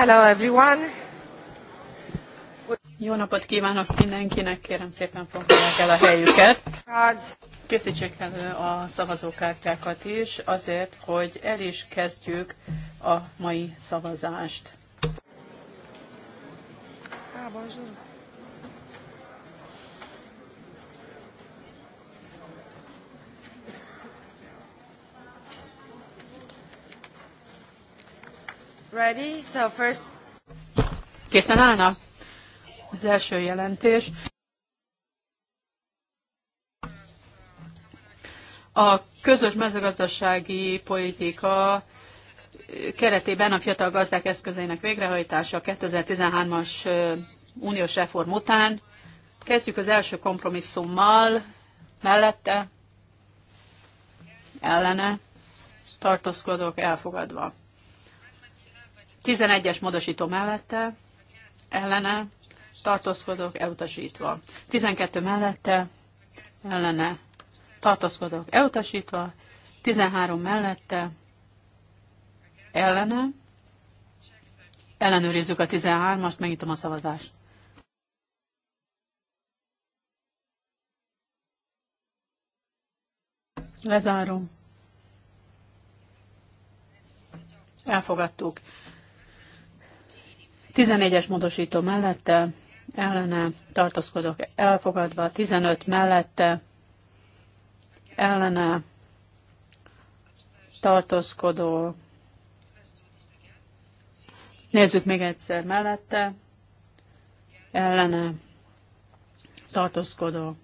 Hello everyone. Jó napot kívánok mindenkinek, kérem szépen foglalják el a helyüket. Készítsék elő a szavazókártyákat is, azért, hogy el is kezdjük a mai szavazást. Ah, bonjour. ready. So first... Készen állnak? Az első jelentés. A közös mezőgazdasági politika keretében a fiatal gazdák eszközeinek végrehajtása 2013-as uniós reform után. Kezdjük az első kompromisszummal, mellette, ellene, tartózkodok elfogadva. 11-es módosító mellette, ellene, tartózkodok, elutasítva. 12 mellette, ellene, tartózkodok, elutasítva. 13 mellette, ellene, ellenőrizzük a 13-ast, megnyitom a szavazást. Lezárom. Elfogadtuk. 11-es módosító mellette, ellene tartózkodok elfogadva, 15 mellette, ellene tartózkodó. Nézzük még egyszer mellette, ellene tartózkodó.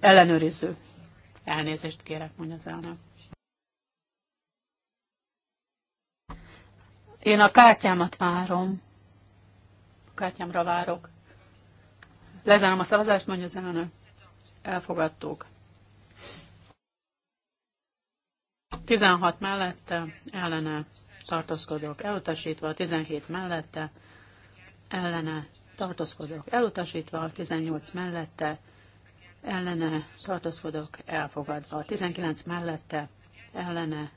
Ellenőriző. Elnézést kérek, mondja az elnök. Én a kártyámat várom kártyámra várok. Lezárom a szavazást, mondja az elnök. Elfogadtuk. 16 mellette, ellene tartózkodok, elutasítva, 17 mellette, ellene tartózkodok, elutasítva, 18 mellette, ellene tartózkodok, elfogadva, 19 mellette, ellene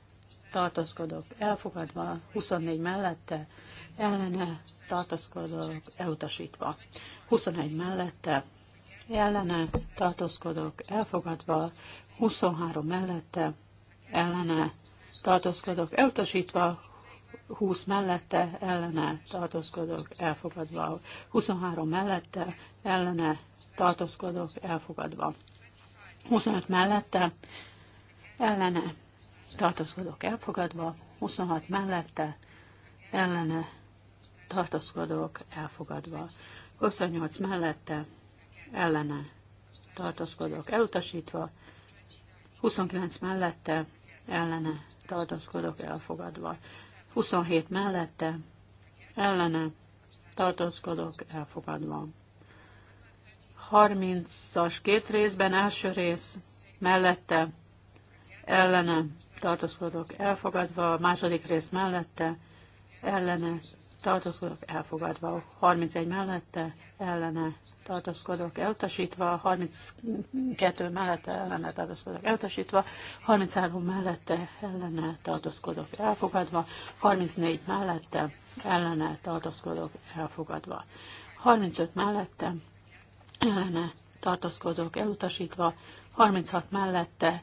tartaszkodok elfogadva, 24 mellette, ellene, tartaszkodok elutasítva, 21 mellette, ellene, tartaszkodok elfogadva, 23 mellette, ellene, tartaszkodok elutasítva, 20 mellette, ellene, tartaszkodok elfogadva, 23 mellette, ellene, tartaszkodok elfogadva, 25 mellette, ellene, tartózkodók elfogadva, 26 mellette, ellene, tartózkodók elfogadva, 28 mellette, ellene, tartózkodók elutasítva, 29 mellette, ellene, tartózkodók elfogadva, 27 mellette, ellene, tartózkodók elfogadva. 30-as két részben első rész mellette ellene tartozkodok elfogadva, a második rész mellette ellene tartozkodok elfogadva, 31 mellette ellene tartozkodok elutasítva, 32 mellette ellene tartozkodok elutasítva, 33 mellette ellene tartozkodok elfogadva, 34 mellette ellene tartozkodok elfogadva, 35 mellette ellene tartozkodok elutasítva, 36 mellette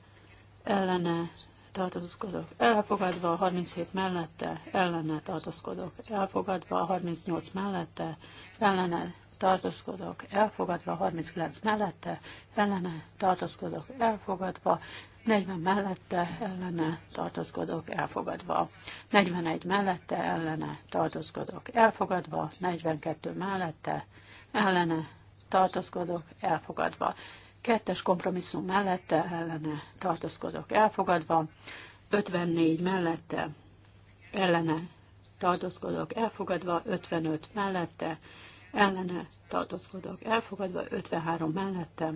ellene tartózkodok elfogadva, 37 mellette ellene tartózkodok elfogadva, 38 mellette ellene tartózkodok elfogadva, 39 mellette ellene tartózkodok elfogadva, 40 mellette ellene tartozkodok, elfogadva, 41 mellette ellene tartozkodok, elfogadva, 42 mellette ellene tartozkodok, elfogadva, Kettes kompromisszum mellette ellene tartózkodok elfogadva. 54 mellette ellene tartózkodok elfogadva. 55 mellette ellene tartózkodok elfogadva. 53 mellette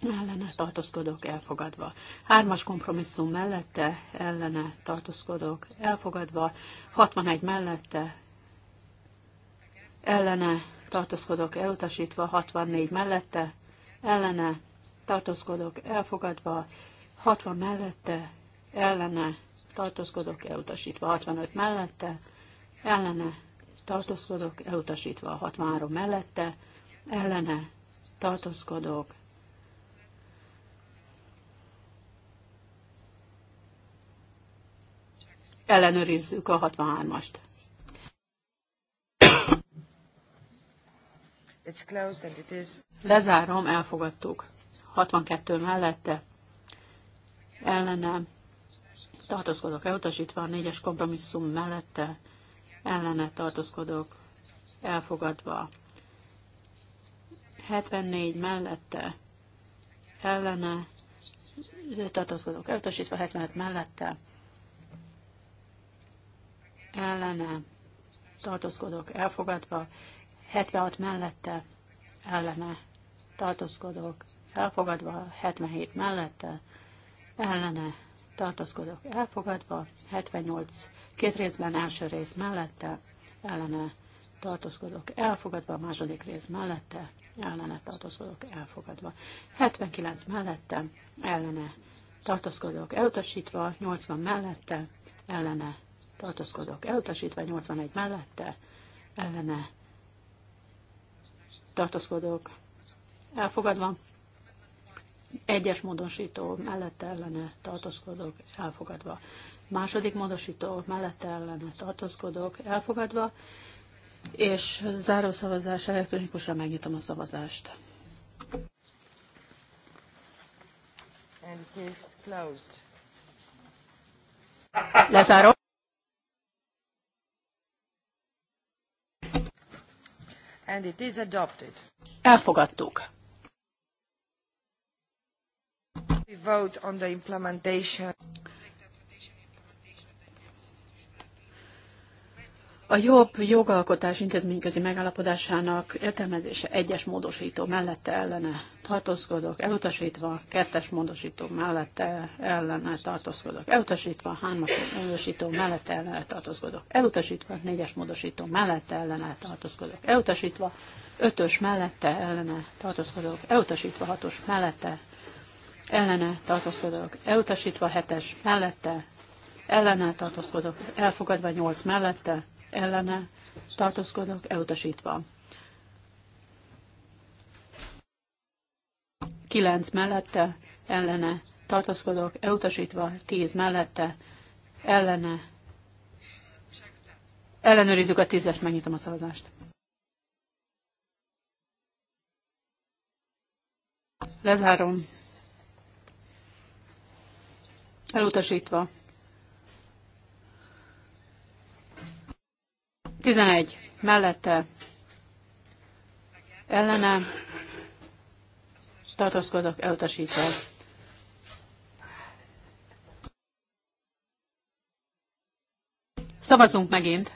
ellene tartózkodok elfogadva. Hármas kompromisszum mellette ellene tartózkodok elfogadva. 61 mellette ellene tartózkodok elutasítva. 64 mellette ellene tartózkodok elfogadva, 60 mellette ellene tartózkodok elutasítva, 65 mellette ellene tartózkodok elutasítva, 63 mellette ellene tartózkodok ellenőrizzük a 63-ast. Lezárom, elfogadtuk. 62 mellette, ellenem tartózkodok elutasítva, a négyes kompromisszum mellette, ellene tartózkodok elfogadva. 74 mellette, ellene, tartózkodok elutasítva, 75 mellette, ellene, tartózkodok elfogadva, 76 mellette ellene tartózkodok, elfogadva, 77 mellette ellene tartózkodok, elfogadva, 78 két részben első rész mellette ellene tartózkodok, elfogadva, a második rész mellette ellene tartózkodok, elfogadva, 79 mellette ellene tartózkodok, elutasítva, 80 mellette ellene tartózkodok, elutasítva, 81 mellette ellene tartózkodók elfogadva, egyes módosító mellette ellene tartózkodók elfogadva, második módosító mellette ellene tartózkodók elfogadva, és záró szavazás elektronikusan megnyitom a szavazást. And closed. Lezárom. And it is adopted. Elfogadtuk. We vote on the implementation. A jobb jogalkotás intézményközi megállapodásának értelmezése egyes módosító mellette ellene tartózkodok, elutasítva, kettes módosító mellette ellene tartózkodok, elutasítva, hármas módosító mellette ellene tartózkodok, elutasítva, négyes módosító mellette ellene tartózkodok, elutasítva, ötös mellette ellene tartózkodok, elutasítva, hatos mellette ellene tartózkodok, elutasítva, hetes mellette ellene tartózkodok, elfogadva, nyolc mellette ellene tartózkodok elutasítva. 9 mellette ellene tartózkodok elutasítva, 10 mellette ellene ellenőrizzük a tízest, megnyitom a szavazást. Lezárom. Elutasítva. 11 mellette ellene tartózkodok elutasítva. Szavazunk megint.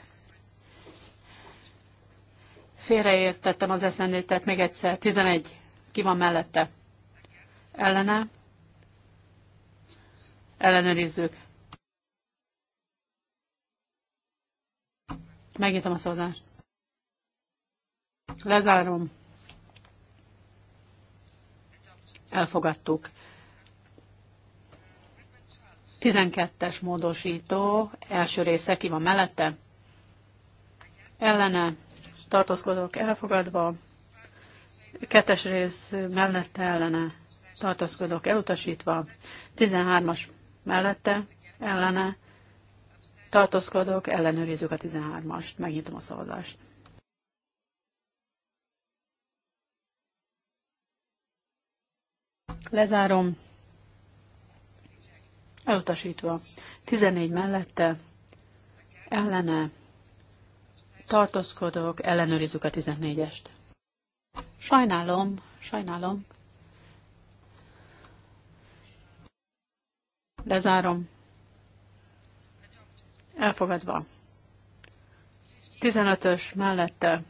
Félreértettem az eszendét, tehát még egyszer. 11. Ki van mellette? Ellene? Ellenőrizzük. Megnyitom a szavazást. Lezárom. Elfogadtuk. 12-es módosító, első része ki van mellette. Ellene tartózkodok elfogadva, kettes rész mellette ellene tartózkodok elutasítva, 13-as mellette ellene Tartózkodok, ellenőrizzük a 13-ast, megnyitom a szavazást. Lezárom. Elutasítva. 14 mellette, ellene, tartózkodok, ellenőrizzük a 14-est. Sajnálom, sajnálom. Lezárom elfogadva. 15-ös mellette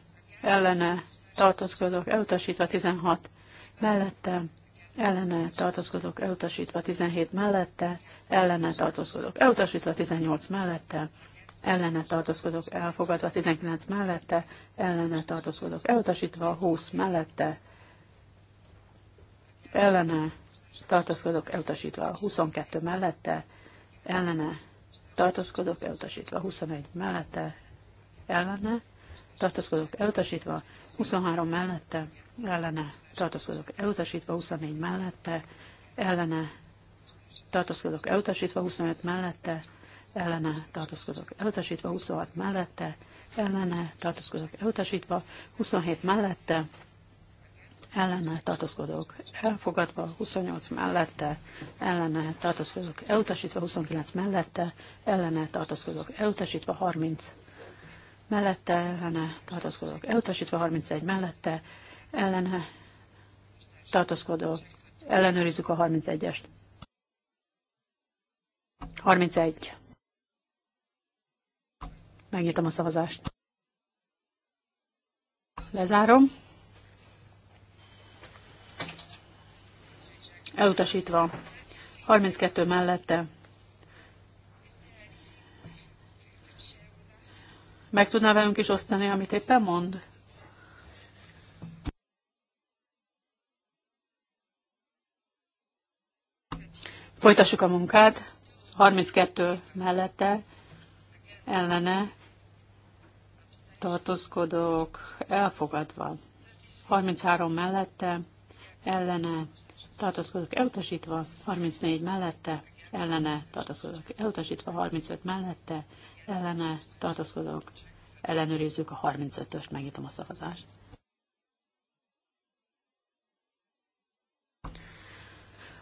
ellene tartózkodok, elutasítva 16 mellette, ellene tartózkodok, elutasítva 17 mellette, ellene tartózkodok, elutasítva 18 mellette, ellene tartózkodok, elfogadva 19 mellette, ellene tartózkodok, elutasítva 20 mellette, ellene tartózkodok, elutasítva 22 mellette, ellene tartózkodok elutasítva, 21 mellette ellene, tartózkodok elutasítva, 23 mellette ellene, tartózkodok elutasítva, 24 mellette ellene, tartózkodok elutasítva, 25 mellette ellene, tartózkodok elutasítva, 26 mellette ellene, tartózkodok elutasítva, 27 mellette ellene tartózkodok, elfogadva, 28 mellette ellene tartózkodok, elutasítva, 29 mellette ellene tartózkodok, elutasítva, 30 mellette ellene tartózkodok, elutasítva, 31 mellette ellene tartózkodok, ellenőrizzük a 31-est. 31. Megnyitom a szavazást. Lezárom. elutasítva. 32 mellette. Meg tudná velünk is osztani, amit éppen mond? Folytassuk a munkát. 32 mellette, ellene, tartózkodók, elfogadva. 33 mellette, ellene, tartózkodók elutasítva, 34 mellette, ellene tartózkodók elutasítva, 35 mellette, ellene tartózkodók. Ellenőrizzük a 35-öst, megnyitom a szavazást.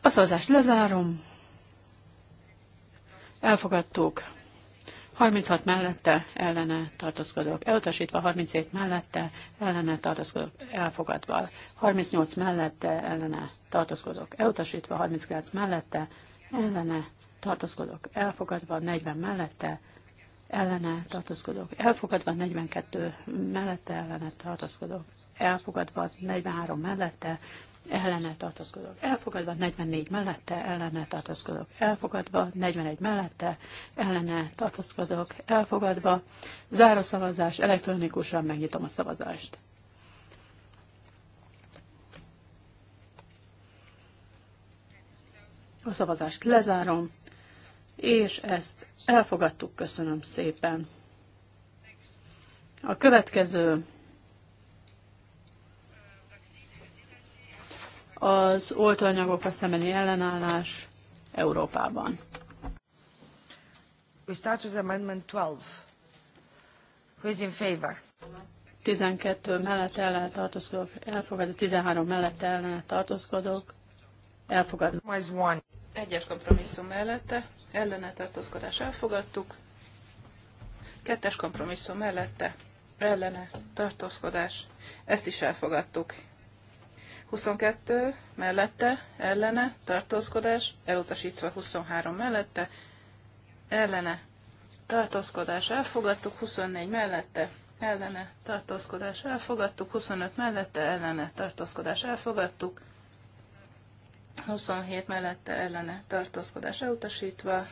A szavazást lezárom. Elfogadtuk 36 mellette ellene tartózkodok, elutasítva, 37 mellette ellene tartózkodok, elfogadva, 38 mellette ellene tartózkodok, elutasítva, 39 mellette ellene tartózkodok, elfogadva, 40 mellette ellene tartózkodok, elfogadva, 42 mellette ellene tartózkodok, elfogadva, 43 mellette ellene tartozkodok. elfogadva, 44 mellette ellene tartozkodok. elfogadva, 41 mellette ellene tartozkodok. elfogadva. Záró szavazás, elektronikusan megnyitom a szavazást. A szavazást lezárom, és ezt elfogadtuk, köszönöm szépen. A következő az oltóanyagok szemeni ellenállás Európában. We start with amendment 12. Who is in favor? 12 mellett ellen tartózkodok, elfogadok, 13 mellett ellen tartózkodok, elfogadok. Egyes kompromisszum mellette, ellene tartózkodás elfogadtuk, kettes kompromisszum mellette, ellene tartózkodás, ezt is elfogadtuk. 22 mellette, ellene, tartózkodás, elutasítva 23 mellette, ellene, tartózkodás, elfogadtuk 24 mellette, ellene, tartózkodás, elfogadtuk 25 mellette, ellene, tartózkodás, elfogadtuk 27 mellette, ellene, tartózkodás, elutasítva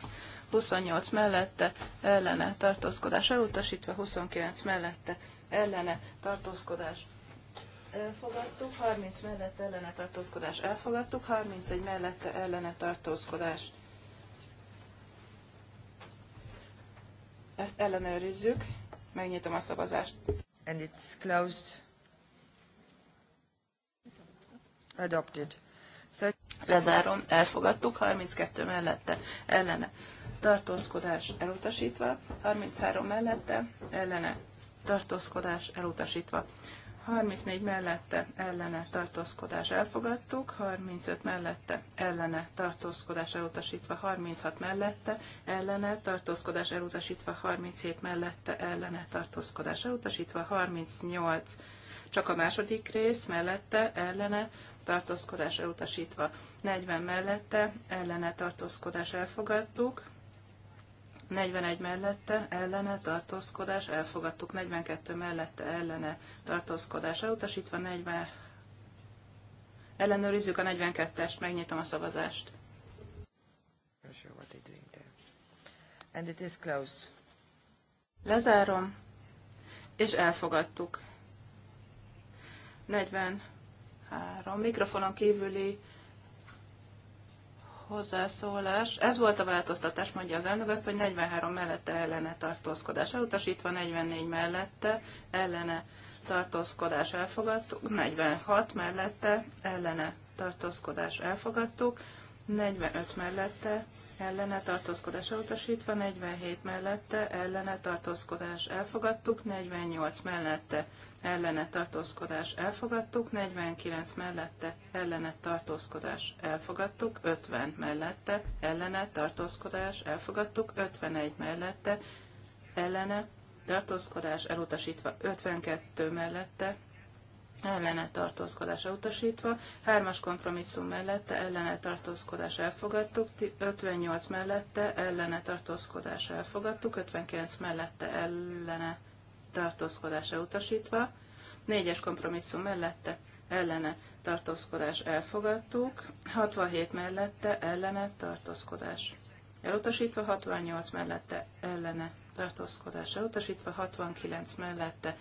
28 mellette, ellene, tartózkodás, elutasítva 29 mellette, ellene, tartózkodás, elfogadtuk, 30 mellette ellene tartózkodás elfogadtuk, 31 mellette ellene tartózkodás. Ezt ellenőrizzük, megnyitom a szavazást. And it's closed. Adopted. So... Lezárom, elfogadtuk, 32 mellette ellene tartózkodás elutasítva, 33 mellette ellene tartózkodás elutasítva. 34 mellette ellene tartózkodás elfogadtuk, 35 mellette ellene tartózkodás elutasítva, 36 mellette ellene tartózkodás elutasítva, 37 mellette ellene tartózkodás elutasítva, 38 csak a második rész mellette ellene tartózkodás elutasítva, 40 mellette ellene tartózkodás elfogadtuk, 41 mellette ellene tartózkodás, elfogadtuk 42 mellette ellene tartózkodás elutasítva, 40 ellenőrizzük a 42-est, megnyitom a szavazást. And it is closed. Lezárom, és elfogadtuk. 43 mikrofonon kívüli hozzászólás. Ez volt a változtatás, mondja az elnök azt, hogy 43 mellette ellene tartózkodás elutasítva, 44 mellette ellene tartózkodás elfogadtuk, 46 mellette ellene tartózkodás elfogadtuk, 45 mellette ellene tartózkodás elutasítva, 47 mellette ellene tartózkodás elfogadtuk, 48 mellette ellene tartózkodás elfogadtuk, 49 mellette ellene tartózkodás elfogadtuk, 50 mellette ellene tartózkodás elfogadtuk, 51 mellette ellene tartózkodás elutasítva, 52 mellette ellene tartózkodás elutasítva, 3-as kompromisszum mellette ellene tartózkodás elfogadtuk, 58 mellette ellene tartózkodás elfogadtuk, 59 mellette ellene tartózkodása elutasítva, négyes kompromisszum mellette ellene tartózkodás elfogadtuk, 67 mellette ellene tartózkodás elutasítva, 68 mellette ellene tartózkodás elutasítva, 69 mellette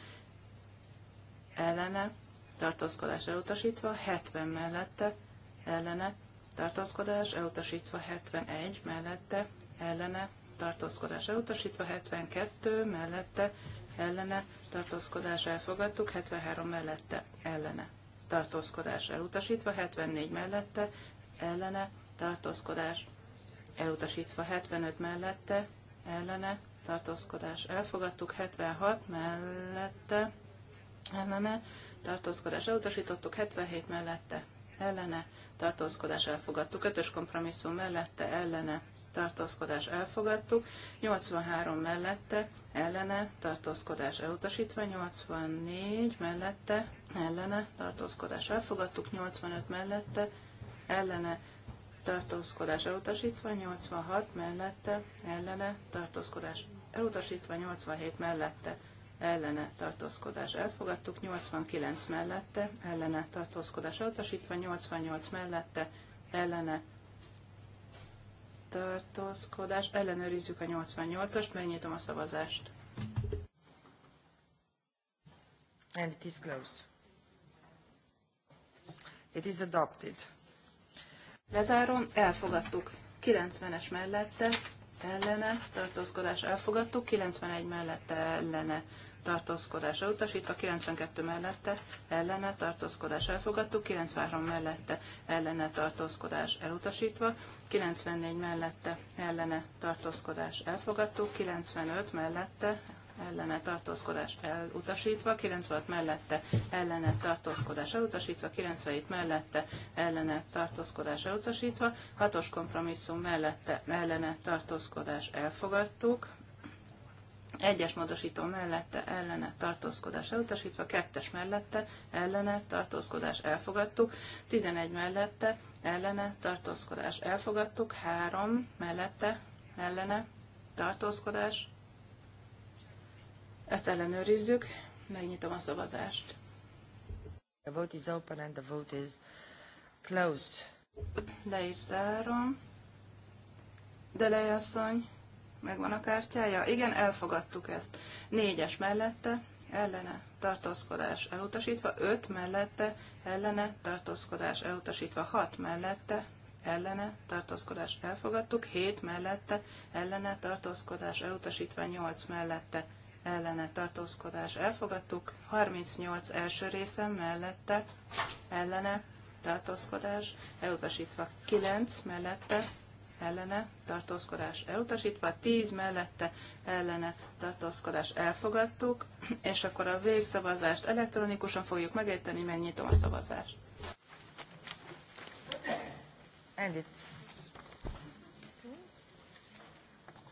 ellene tartózkodás elutasítva, 70 mellette ellene tartózkodás elutasítva, 71 mellette ellene tartózkodás elutasítva, 72 mellette ellene tartózkodás elfogadtuk, 73 mellette ellene tartózkodás elutasítva, 74 mellette ellene tartózkodás elutasítva, 75 mellette ellene tartózkodás elfogadtuk, 76 mellette ellene tartózkodás elutasítottuk, 77 mellette ellene tartózkodás elfogadtuk, 5-ös kompromisszum mellette ellene tartózkodás elfogadtuk, 83 mellette ellene tartózkodás elutasítva, 84 mellette ellene tartózkodás elfogadtuk, 85 mellette ellene tartózkodás elutasítva, 86 mellette ellene tartózkodás elutasítva, 87 mellette ellene tartózkodás elfogadtuk, 89 mellette ellene tartózkodás elutasítva, 88 mellette ellene tartózkodás. Ellenőrizzük a 88-ast, megnyitom a szavazást. And it is closed. It is adopted. Lezárom, elfogadtuk. 90-es mellette, ellene, tartózkodás elfogadtuk, 91 mellette ellene tartózkodás elutasítva, 92 mellette ellene tartózkodás elfogadtuk, 93 mellette ellene tartózkodás elutasítva, 94 mellette ellene tartózkodás elfogadtuk, 95 mellette ellene tartózkodás elutasítva, 96 mellette ellene tartózkodás elutasítva, 97 mellette ellene tartózkodás elutasítva, 6-os kompromisszum mellette ellene tartózkodás elfogadtuk, egyes módosító mellette ellene tartózkodás elutasítva, kettes mellette ellene tartózkodás elfogadtuk, 11 mellette ellene tartózkodás elfogadtuk, 3 mellette ellene tartózkodás. Ezt ellenőrizzük, megnyitom a szavazást. The vote is open and the vote is closed. Le is zárom. Delejasszony Megvan a kártyája? Igen, elfogadtuk ezt. Négyes mellette, ellene, tartózkodás elutasítva. Öt mellette, ellene, tartózkodás elutasítva. Hat mellette, ellene, tartózkodás elfogadtuk. Hét mellette, ellene, tartózkodás elutasítva. Nyolc mellette, ellene tartózkodás elfogadtuk, 38 első része mellette ellene tartózkodás, elutasítva 9 mellette ellene tartózkodás elutasítva, 10 mellette ellene tartózkodás elfogadtuk, és akkor a végszavazást elektronikusan fogjuk megejteni, megnyitom a szavazást. And it's...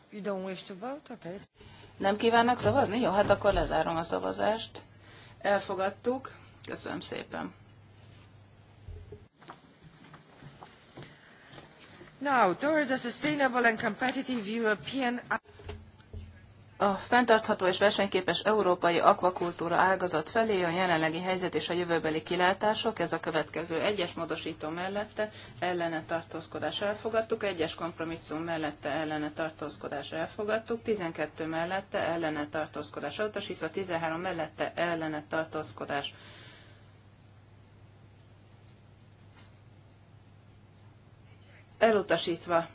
You don't wish to vote? Okay. Nem kívánnak szavazni? Jó, hát akkor lezárom a szavazást. Elfogadtuk. Köszönöm szépen. a fenntartható és versenyképes európai akvakultúra ágazat felé a jelenlegi helyzet és a jövőbeli kilátások, ez a következő egyes módosító mellette ellene tartózkodás elfogadtuk, egyes kompromisszum mellette ellene tartózkodás elfogadtuk, 12 mellette ellene tartózkodás elutasítva, 13 mellette ellene tartózkodás elfogadtuk elutasítva.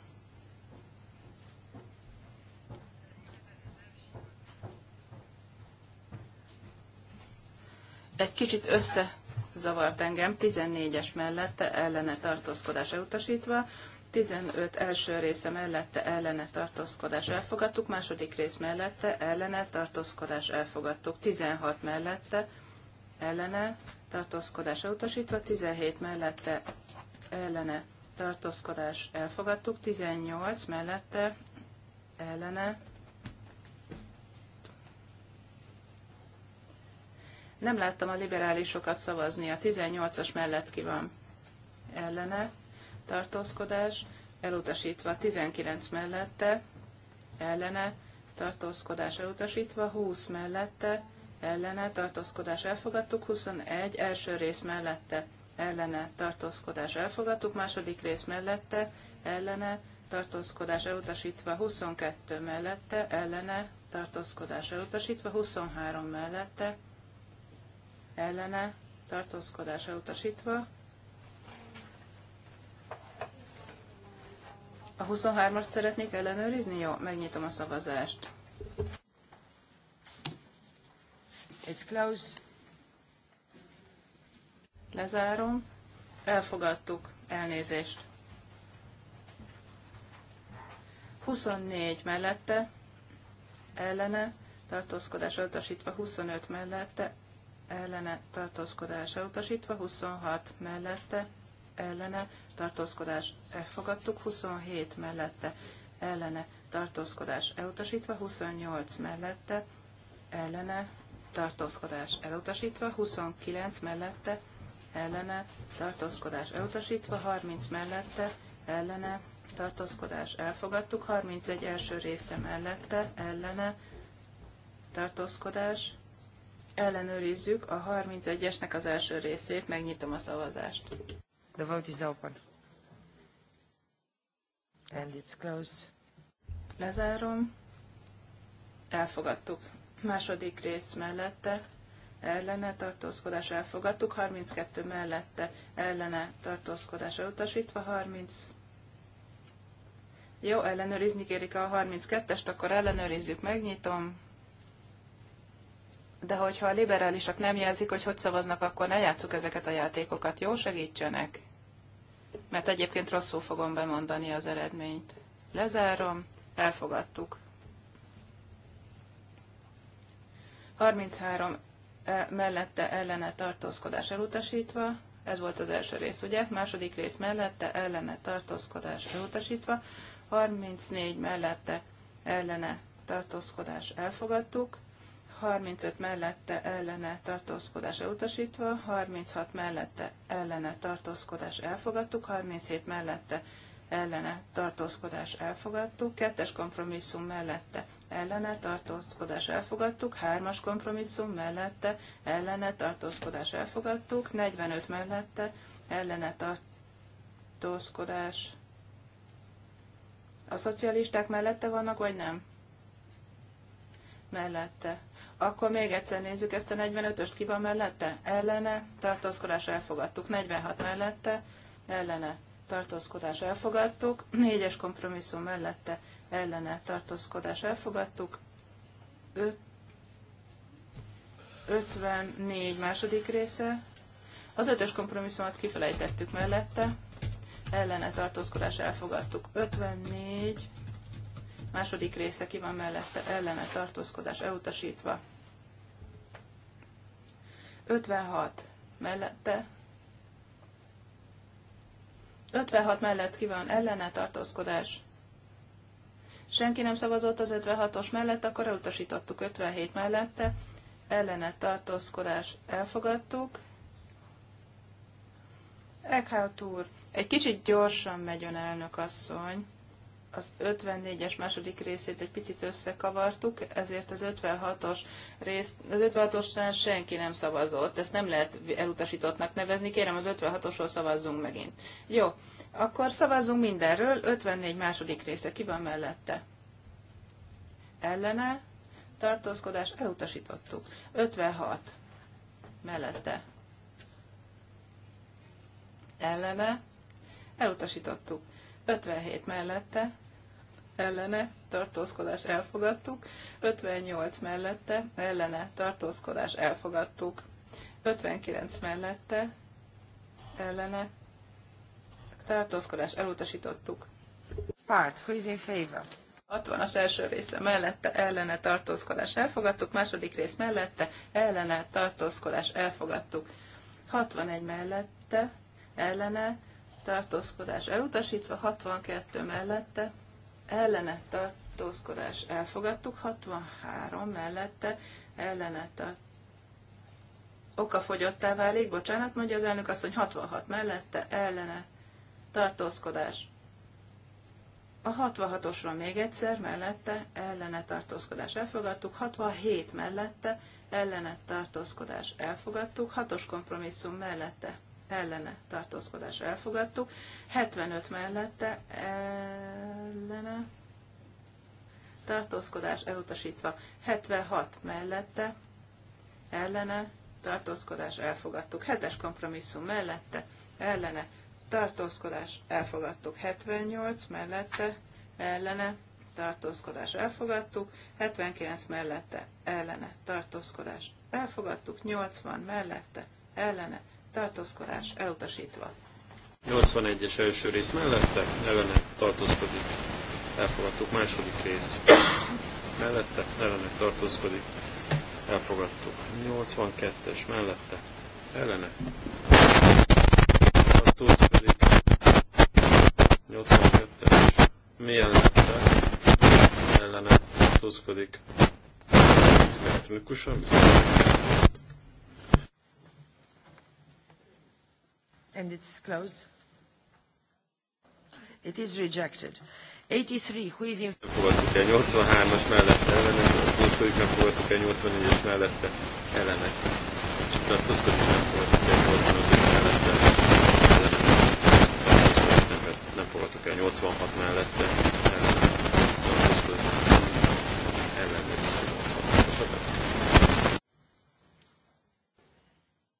Egy kicsit összezavart engem, 14-es mellette ellene tartózkodás elutasítva, 15 első része mellette ellene tartózkodás elfogadtuk, második rész mellette ellene tartózkodás elfogadtuk, 16 mellette ellene tartózkodás elutasítva, 17 mellette ellene tartózkodás elfogadtuk, 18 mellette ellene Nem láttam a liberálisokat szavazni, a 18-as mellett ki van ellene tartózkodás, elutasítva 19 mellette ellene tartózkodás elutasítva, 20 mellette ellene tartózkodás elfogadtuk, 21 első rész mellette ellene tartózkodás elfogadtuk, második rész mellette ellene tartózkodás elutasítva 22 mellette ellene tartózkodás elutasítva 23 mellette ellene tartózkodás elutasítva A 23-at szeretnék ellenőrizni? Jó, megnyitom a szavazást. It's closed. Lezárom. Elfogadtuk. Elnézést. 24 mellette, ellene, tartózkodás elutasítva, 25 mellette, ellene, tartózkodás elutasítva, 26 mellette, ellene, tartózkodás elfogadtuk, 27 mellette, ellene, tartózkodás elutasítva, 28 mellette, ellene, tartózkodás elutasítva, 29 mellette, ellene, tartózkodás elutasítva, 30 mellette, ellene, tartózkodás elfogadtuk, 31 első része mellette, ellene, tartózkodás, ellenőrizzük a 31-esnek az első részét, megnyitom a szavazást. The vote is open. And it's closed. Lezárom. Elfogadtuk. Második rész mellette, ellene tartózkodás elfogadtuk, 32 mellette ellene tartózkodás elutasítva, 30 jó, ellenőrizni kérik a 32-est, akkor ellenőrizzük, megnyitom. De hogyha a liberálisak nem jelzik, hogy hogy szavaznak, akkor ne játsszuk ezeket a játékokat, jó? Segítsenek. Mert egyébként rosszul fogom bemondani az eredményt. Lezárom, elfogadtuk. 33 E, mellette ellene tartózkodás elutasítva, ez volt az első rész, ugye? Második rész mellette ellene tartózkodás elutasítva, 34 mellette ellene tartózkodás elfogadtuk, 35 mellette ellene tartózkodás elutasítva, 36 mellette ellene tartózkodás elfogadtuk, 37 mellette ellene tartózkodás elfogadtuk, kettes kompromisszum mellette ellene tartózkodás elfogadtuk, hármas kompromisszum mellette ellene tartózkodás elfogadtuk, 45 mellette ellene tartózkodás. A szocialisták mellette vannak, vagy nem? Mellette. Akkor még egyszer nézzük ezt a 45-öst, ki van mellette? Ellene, tartózkodás elfogadtuk. 46 mellette, ellene, tartózkodás elfogadtuk, négyes kompromisszum mellette ellene tartózkodás elfogadtuk, 54 második része, az ötös kompromisszumot kifelejtettük mellette, ellene tartózkodás elfogadtuk, 54 második része ki van mellette, ellene tartózkodás elutasítva, 56 mellette 56 mellett ki van ellene tartózkodás. Senki nem szavazott az 56-os mellett, akkor elutasítottuk 57 mellette. Ellene tartózkodás elfogadtuk. Eckhout úr, egy kicsit gyorsan megy ön elnök asszony az 54-es második részét egy picit összekavartuk, ezért az 56-os rész, az 56-osnál senki nem szavazott, ezt nem lehet elutasítottnak nevezni, kérem az 56-osról szavazzunk megint. Jó, akkor szavazzunk mindenről, 54 második része, ki van mellette? Ellene, tartózkodás, elutasítottuk. 56 mellette. Ellene, elutasítottuk. 57 mellette, ellene tartózkodás elfogadtuk, 58 mellette ellene tartózkodás elfogadtuk, 59 mellette ellene tartózkodás elutasítottuk. Part, who is in favor? 60-as első része mellette ellene tartózkodás elfogadtuk, második rész mellette ellene tartózkodás elfogadtuk. 61 mellette ellene tartózkodás elutasítva, 62 mellette ellene tartózkodás elfogadtuk, 63 mellette ellene a okafogyottá válik, bocsánat, mondja az elnök azt, hogy 66 mellette ellene tartózkodás. A 66-osról még egyszer mellette ellene tartózkodás elfogadtuk, 67 mellette ellene tartózkodás elfogadtuk, 6-os kompromisszum mellette ellene tartózkodás elfogadtuk, 75 mellette ellene tartózkodás elutasítva, 76 mellette ellene tartózkodás elfogadtuk, 7-es kompromisszum mellette ellene tartózkodás elfogadtuk, 78 mellette ellene tartózkodás elfogadtuk, 79 mellette ellene tartózkodás elfogadtuk, 80 mellette ellene tartózkodás elutasítva. 81-es első rész mellette, ellene tartózkodik, elfogadtuk. Második rész mellette, ellene tartózkodik, elfogadtuk. 82-es mellette, ellene tartózkodik, 82-es mellette, ellene tartózkodik, elektronikus, and it's closed. It is rejected. 83, who is in... fogadtuk el 83-as nem fogadtuk el 84-es mellette Csak nem fogadtuk el 85-ös mellette nem fogadtuk el 86 mellette 86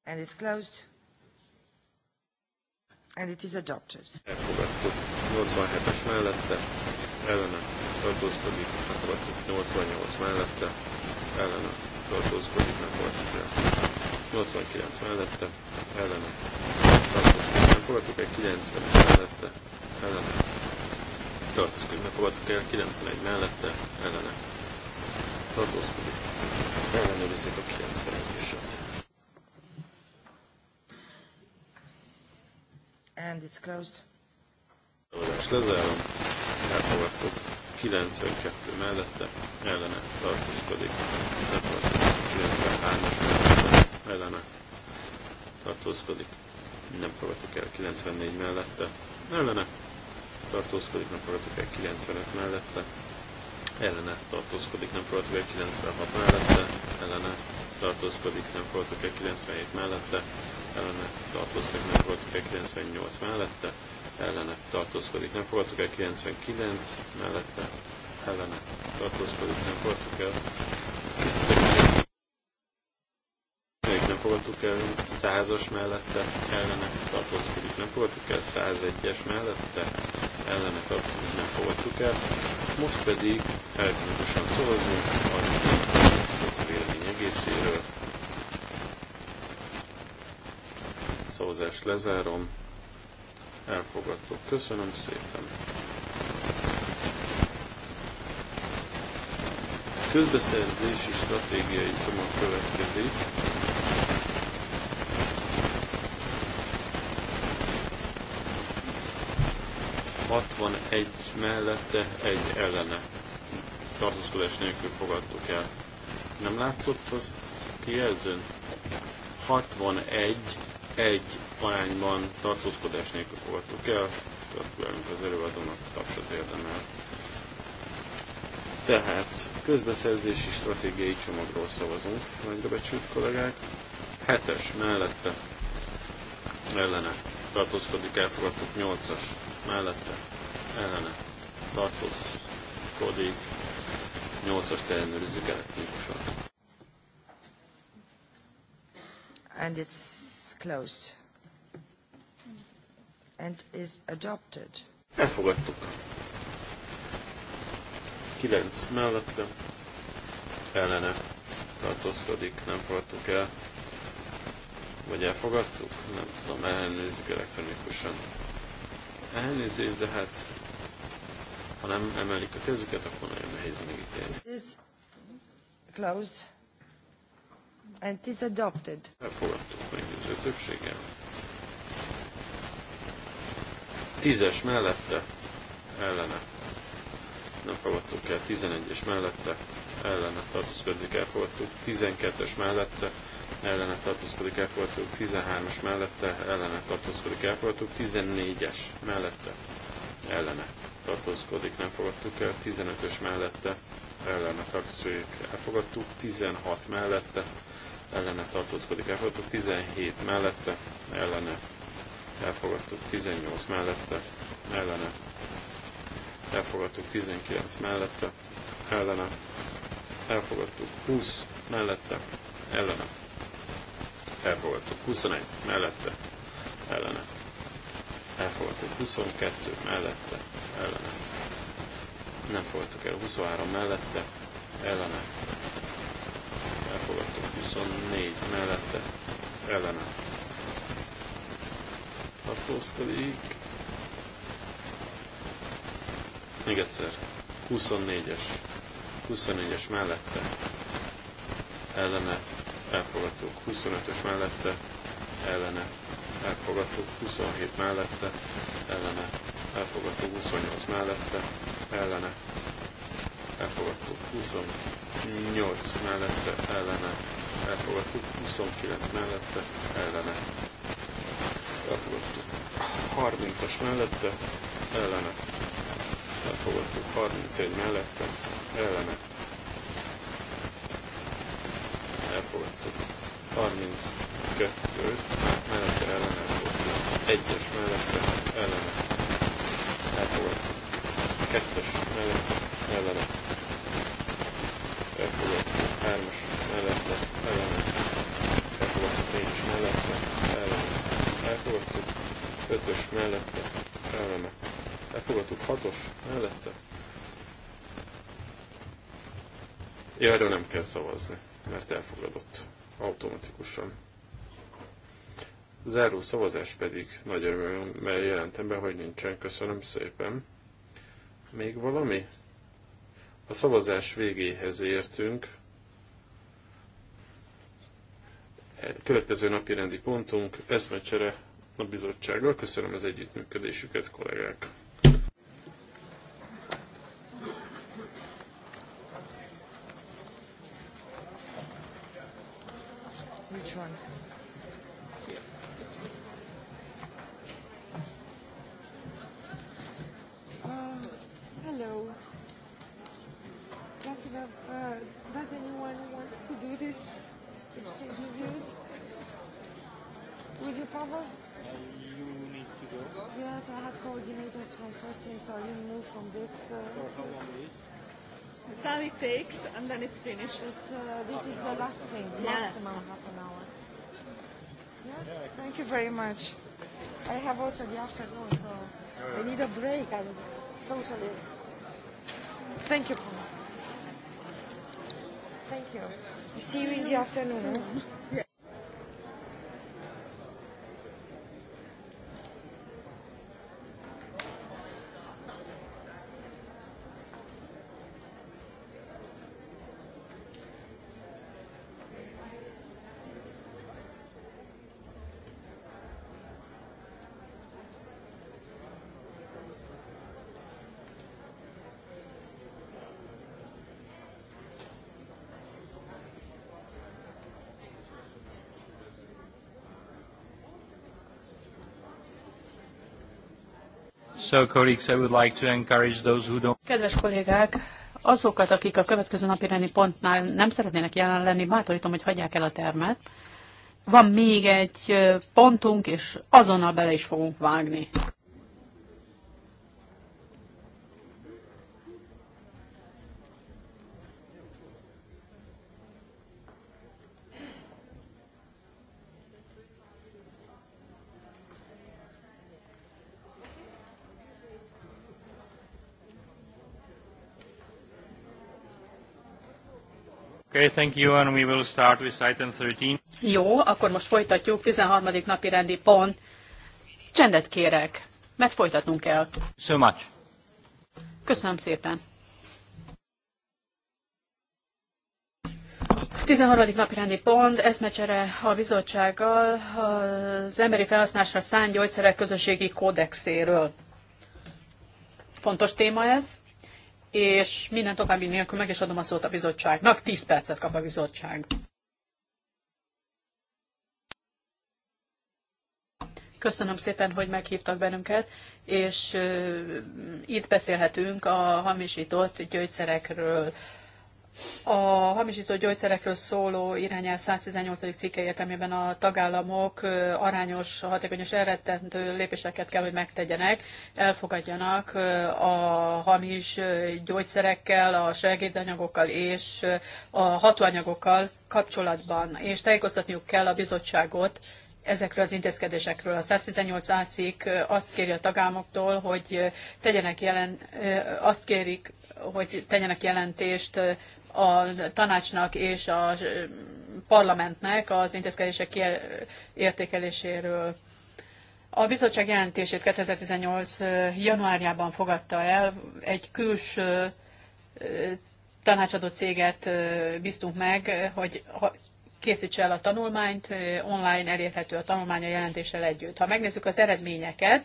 And it's closed and it is adopted. Elfogadtuk. 87-es mellette, ellene tartózkodik, elfogadtuk. 88 mellette, ellene tartózkodik, elfogadtuk el. 89 mellette, ellene tartózkodik, elfogadtuk el. 90 mellette, ellene tartózkodik, elfogadtuk el. 91 mellette, ellene tartózkodik. Ellenőrizzük a 91-eset. And it's closed. Szavazást lezárom. Elfogadtuk. 92 mellette ellene tartózkodik. Elfogadtuk. 93-as ellene tartózkodik. Nem fogadtuk el 94 mellette ellene tartózkodik, nem fogadtuk el 95 mellette ellene tartózkodik, nem fogadtuk el 96 mellette ellene tartózkodik, nem fogadtuk el 97 mellette ellene tartózkodik, nem fogadtuk el 98 mellette, ellene tartózkodik, nem fogadtuk el 99 mellette, ellene tartózkodik, nem fogadtuk el 99 nem fogadtuk el 100-as mellette, ellene tartózkodik, nem fogadtuk el 101-es mellette, ellene tartózkodik, nem fogadtuk el. Most pedig elektronikusan szavazunk az a vélemény egészéről, szavazást lezárom. Elfogadtok. Köszönöm szépen. Közbeszerzési stratégiai csomag következik. Hatvan egy mellette, egy ellene. Tartózkodás nélkül fogadtuk el. Nem látszott az kijelzőn? 61 egy arányban tartózkodás nélkül fogadtuk el. Gratulálunk az előadónak, tapsot érdemel. Tehát közbeszerzési stratégiai csomagról szavazunk, nagyra becsült kollégák. Hetes mellette ellene tartózkodik, elfogadtuk 8-as mellette ellene tartózkodik, 8-ast ellenőrizzük elektronikusan. And it's closed. And is adopted. Elfogadtuk. 9 mellette ellene tartózkodik, nem fogadtuk el. Vagy elfogadtuk? Nem tudom, ellenőrizzük elektronikusan. Elnézést, de hát ha nem emelik a kezüket, akkor nagyon nehéz megítélni. This closed and is adopted. Elfogadtuk, megint Többsége. Tízes mellette ellene. Nem fogadtuk el. Tizenegyes mellette ellene tartózkodik, fogadtuk. Tizenkettes mellette ellene tartózkodik, el fogadtuk. Tizenhármas mellette ellene tartózkodik, el fogadtuk. Tizennégyes mellette ellene tartózkodik, nem fogadtuk el. 15-ös mellette ellene tartózkodik, elfogadtuk. 16 mellette ellene tartózkodik, elfogadtuk 17 mellette, ellene elfogadtuk 18 mellette, ellene elfogadtuk 19 mellette, ellene elfogadtuk 20 mellette, ellene elfogadtuk 21 mellette, ellene elfogadtuk 22 mellette, ellene nem fogadtuk el 23 mellette, ellene 24 mellette ellene tartózkodik. Még egyszer, 24-es, 24-es mellette ellene elfogadtuk, 25-ös mellette ellene elfogadtuk, 27 mellette ellene elfogadtuk, 28 mellette ellene elfogadtuk, 28 mellette ellene elfogadtuk, 29 mellette, ellene, elfogadtuk, 30-as mellette, ellene, elfogadtuk, 31 mellette, ellene, elfogadtuk, 32 mellette, ellene, elfogadtuk, 1-es mellette, ellene, elfogadtuk, 2-es mellette, ellene, elfogadtuk, hármas mellette ellene elfogadtuk, 4-es mellette ellene elfogadtuk, ötös mellette ellene elfogadtuk, hatos mellette. Ja, erre nem kell szavazni, mert elfogadott automatikusan. Záró szavazás pedig nagy örömmel jelentem be, hogy nincsen. Köszönöm szépen. Még valami? A szavazás végéhez értünk. Következő napi rendi pontunk, eszmecsere a bizottsággal. Köszönöm az együttműködésüket, kollégák! Which one? Uh, hello. That's about, uh, Should you use? you need to go. Yes, I have coordinators from first so I didn't move from this. Uh, For how long is? The time it takes, and then it's finished. It's, uh, this half is the last thing, yeah. maximum half an hour. Yeah? Thank you very much. I have also the afternoon, so I need a break. I'm totally. Thank you, Paul. Thank you. See you in the afternoon. Kedves kollégák, azokat, akik a következő napi rendi pontnál nem szeretnének jelen lenni, bátorítom, hogy hagyják el a termet. Van még egy pontunk, és azonnal bele is fogunk vágni. Okay, thank you, and we will start with item 13. Jó, akkor most folytatjuk, 13. napi rendi pont. Csendet kérek, mert folytatnunk kell. So much. Köszönöm szépen. 13. napi rendi pont, mecsere a bizottsággal az emberi felhasználásra szánt gyógyszerek közösségi kódexéről. Fontos téma ez és minden további nélkül meg is adom a szót a bizottságnak. 10 percet kap a bizottság. Köszönöm szépen, hogy meghívtak bennünket, és itt beszélhetünk a hamisított gyógyszerekről. A hamisító gyógyszerekről szóló irányel 118. cikke értelmében a tagállamok arányos, hatékonyos elrettentő lépéseket kell, hogy megtegyenek, elfogadjanak a hamis gyógyszerekkel, a segédanyagokkal és a hatóanyagokkal kapcsolatban, és tájékoztatniuk kell a bizottságot ezekről az intézkedésekről. A 118 ácik azt kéri a tagállamoktól, hogy tegyenek jelen, azt kérik, hogy tegyenek jelentést a tanácsnak és a parlamentnek az intézkedések értékeléséről. A bizottság jelentését 2018. januárjában fogadta el, egy külső tanácsadó céget bíztunk meg, hogy készítse el a tanulmányt, online elérhető a tanulmánya jelentéssel együtt. Ha megnézzük az eredményeket,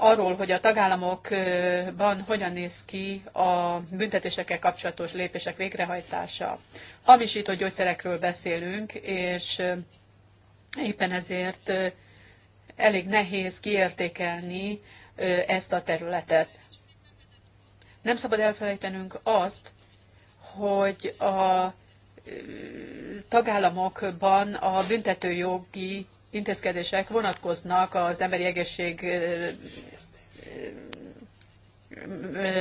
arról, hogy a tagállamokban hogyan néz ki a büntetésekkel kapcsolatos lépések végrehajtása. Hamisított gyógyszerekről beszélünk, és eh, éppen ezért eh, elég nehéz kiértékelni eh, ezt a területet. Nem szabad elfelejtenünk azt, hogy a tagállamokban a büntetőjogi intézkedések vonatkoznak az emberi egészség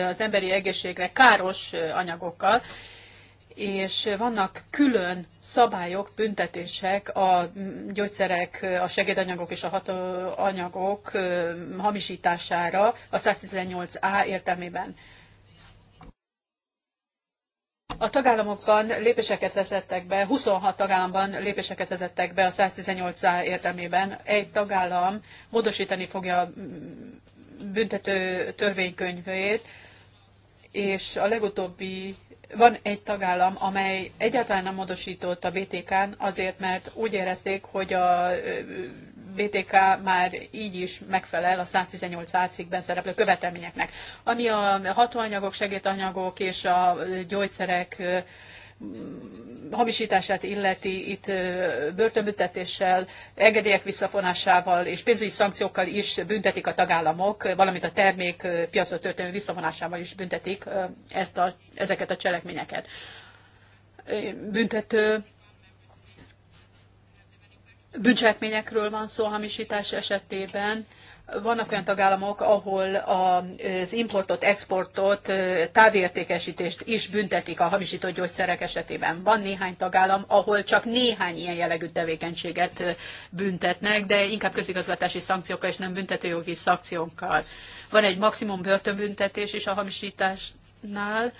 az emberi egészségre káros anyagokkal, és vannak külön szabályok, büntetések a gyógyszerek, a segédanyagok és a hatóanyagok hamisítására a 118A értelmében. A tagállamokban lépéseket vezettek be, 26 tagállamban lépéseket vezettek be a 118 értelmében. Egy tagállam módosítani fogja a büntető törvénykönyvét, és a legutóbbi van egy tagállam, amely egyáltalán nem módosított a BTK-n azért, mert úgy érezték, hogy a BTK már így is megfelel a 118 cikkben szereplő követelményeknek. Ami a hatóanyagok, segédanyagok és a gyógyszerek mm, hamisítását illeti, itt börtönbüntetéssel, engedélyek visszafonásával és pénzügyi szankciókkal is büntetik a tagállamok, valamint a termék piacra történő visszavonásával is büntetik ezt a, ezeket a cselekményeket. Büntető bűncselekményekről van szó hamisítás esetében. Vannak olyan tagállamok, ahol az importot, exportot, távértékesítést is büntetik a hamisított gyógyszerek esetében. Van néhány tagállam, ahol csak néhány ilyen jellegű tevékenységet büntetnek, de inkább közigazgatási szankciókkal és nem büntetőjogi szankciókkal. Van egy maximum börtönbüntetés is a hamisításnál,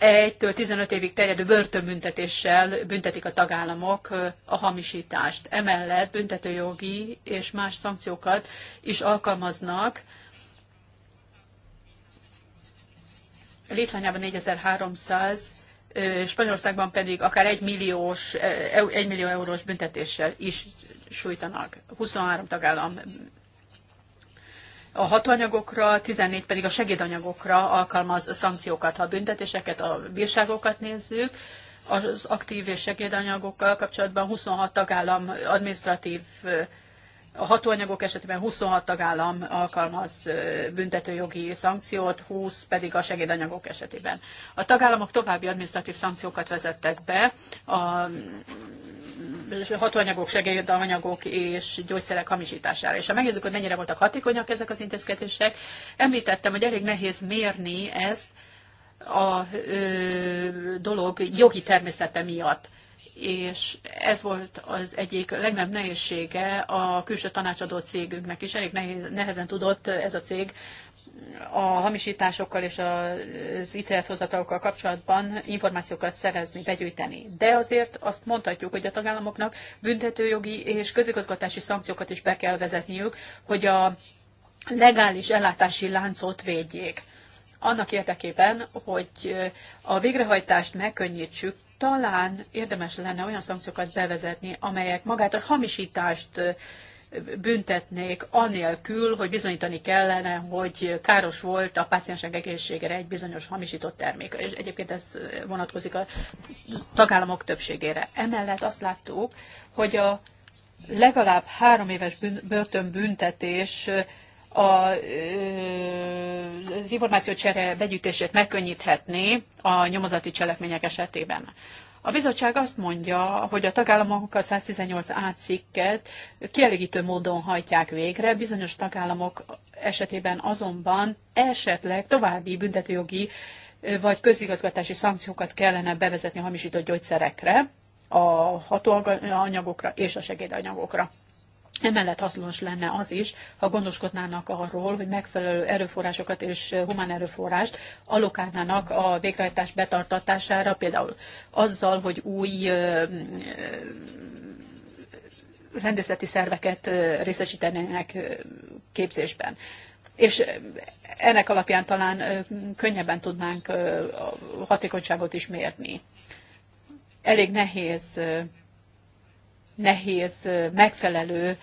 1-től 15 évig terjedő börtönbüntetéssel büntetik a tagállamok a hamisítást. Emellett büntetőjogi és más szankciókat is alkalmaznak. Litvániában 4300, Spanyolországban pedig akár 1, milliós, 1 millió eurós büntetéssel is sújtanak. 23 tagállam a hatóanyagokra, 14 pedig a segédanyagokra alkalmaz szankciókat, ha a büntetéseket, a bírságokat nézzük. Az aktív és segédanyagokkal kapcsolatban 26 tagállam administratív a hatóanyagok esetében 26 tagállam alkalmaz büntetőjogi szankciót, 20 pedig a segédanyagok esetében. A tagállamok további adminisztratív szankciókat vezettek be a hatóanyagok, segédanyagok és gyógyszerek hamisítására. És ha megnézzük, hogy mennyire voltak hatékonyak ezek az intézkedések, említettem, hogy elég nehéz mérni ezt a ö, dolog jogi természete miatt és ez volt az egyik legnagyobb nehézsége a külső tanácsadó cégünknek is. Elég nehezen tudott ez a cég a hamisításokkal és az ítélethozatalokkal kapcsolatban információkat szerezni, begyűjteni. De azért azt mondhatjuk, hogy a tagállamoknak büntetőjogi és közigazgatási szankciókat is be kell vezetniük, hogy a legális ellátási láncot védjék. Annak érdekében, hogy a végrehajtást megkönnyítsük, talán érdemes lenne olyan szankciókat bevezetni, amelyek magát a hamisítást büntetnék, anélkül, hogy bizonyítani kellene, hogy káros volt a páciensek egészségére egy bizonyos hamisított termék. És egyébként ez vonatkozik a tagállamok többségére. Emellett azt láttuk, hogy a legalább három éves börtönbüntetés a, az információcsere begyűjtését megkönnyíthetné a nyomozati cselekmények esetében. A bizottság azt mondja, hogy a tagállamok a 118 átszikket kielégítő módon hajtják végre, bizonyos tagállamok esetében azonban esetleg további büntetőjogi vagy közigazgatási szankciókat kellene bevezetni a hamisított gyógyszerekre, a hatóanyagokra és a segédanyagokra. Emellett hasznos lenne az is, ha gondoskodnának arról, hogy megfelelő erőforrásokat és humán erőforrást alokálnának a végrehajtás betartatására, például azzal, hogy új rendészeti szerveket részesítenének képzésben. És ennek alapján talán könnyebben tudnánk a hatékonyságot is mérni. Elég nehéz nehéz megfelelő,